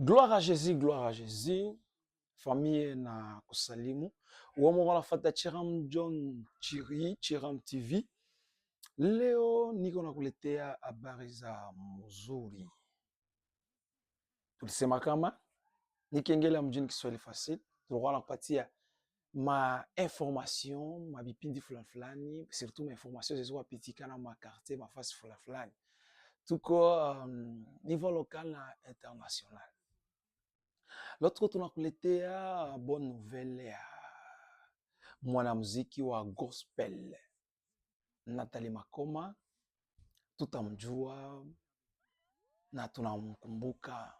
Gloire à Jésus, gloire à Jésus. Famille na kusalimu. Uomo wala fata Chiram John Chiri, Chiram TV. Leo niko kuletea habari za mzuri. Tulisema kama ni kengele ya mjini Kiswahili fasili, tulikuwa nakupatia ma information, ma bipindi fulani fulani, surtout ma information zilizopatikana ma quartier, ma fasi fulani fulani. Tuko um, niveau local na international. Leo tunakuletea bonne nouvelle ya euh, mwanamuziki wa gospel Nathalie Makoma. Tutamjua na tunamkumbuka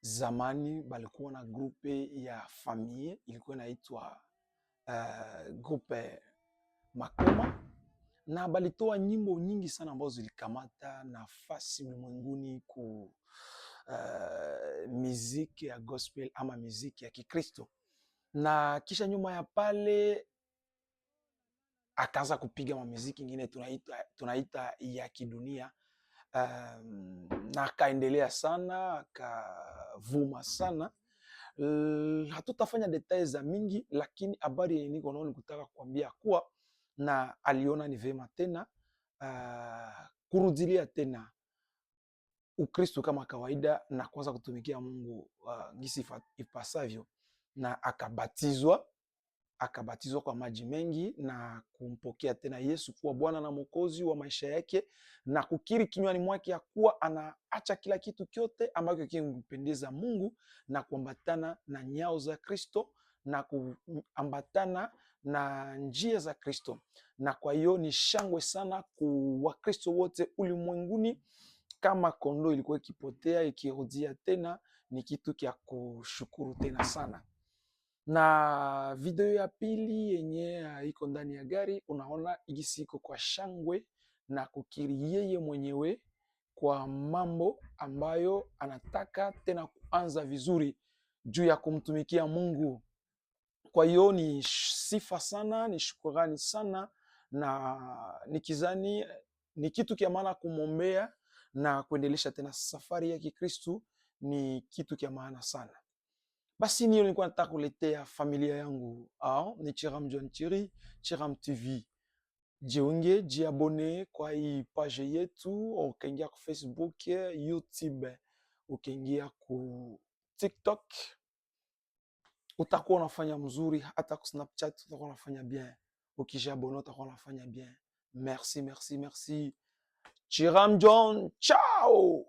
zamani, balikuwa na grupe ya famille ilikuwa inaitwa uh, grupe Makoma na balitoa nyimbo nyingi sana ambazo zilikamata nafasi ulimwenguni ku uh, miziki ya gospel ama miziki ya Kikristo, na kisha nyuma ya pale akaanza kupiga mamiziki ingine tunaita, tunaita ya kidunia um, na akaendelea sana akavuma sana L, hatutafanya detail za mingi, lakini habari yenye niko nao nikutaka kuambia kuwa na aliona ni vema tena uh, kurudilia tena Ukristo kama kawaida na kuanza kutumikia Mungu uh, ipasavyo, na akabatizwa akabatizwa kwa maji mengi na kumpokea tena Yesu kuwa Bwana na Mwokozi wa maisha yake na kukiri kinywani mwake ya kuwa anaacha kila kitu kyote ambacho kimpendeza Mungu na kuambatana na nyao za Kristo na kuambatana na njia za Kristo. Na kwa hiyo ni shangwe sana kwa Wakristo wote ulimwenguni kama kondoo ilikuwa ikipotea ikirudia tena, ni kitu kya kushukuru tena sana. Na video ya pili yenye iko ndani ya gari, unaona igisi iko kwa shangwe na kukiri yeye mwenyewe kwa mambo ambayo anataka tena kuanza vizuri juu ya kumtumikia Mungu. Kwa hiyo ni sifa sana, ni shukurani sana, na nikizani ni kitu kia maana kumwombea na kuendelesha tena safari ya Kikristu ni kitu kya maana sana. Basi niyo nilikuwa nataka kuletea familia yangu ao, ni Chiram John Chiri, Chiram TV. Jiunge, jiabone kwa hii page yetu, ukaingia ku Facebook, YouTube, ukaingia ku TikTok. Utakuwa unafanya mzuri, hata ku Snapchat utakuwa unafanya bien. Ukijabone utakuwa unafanya bien. Merci, merci, merci. 지감 존, 짜오!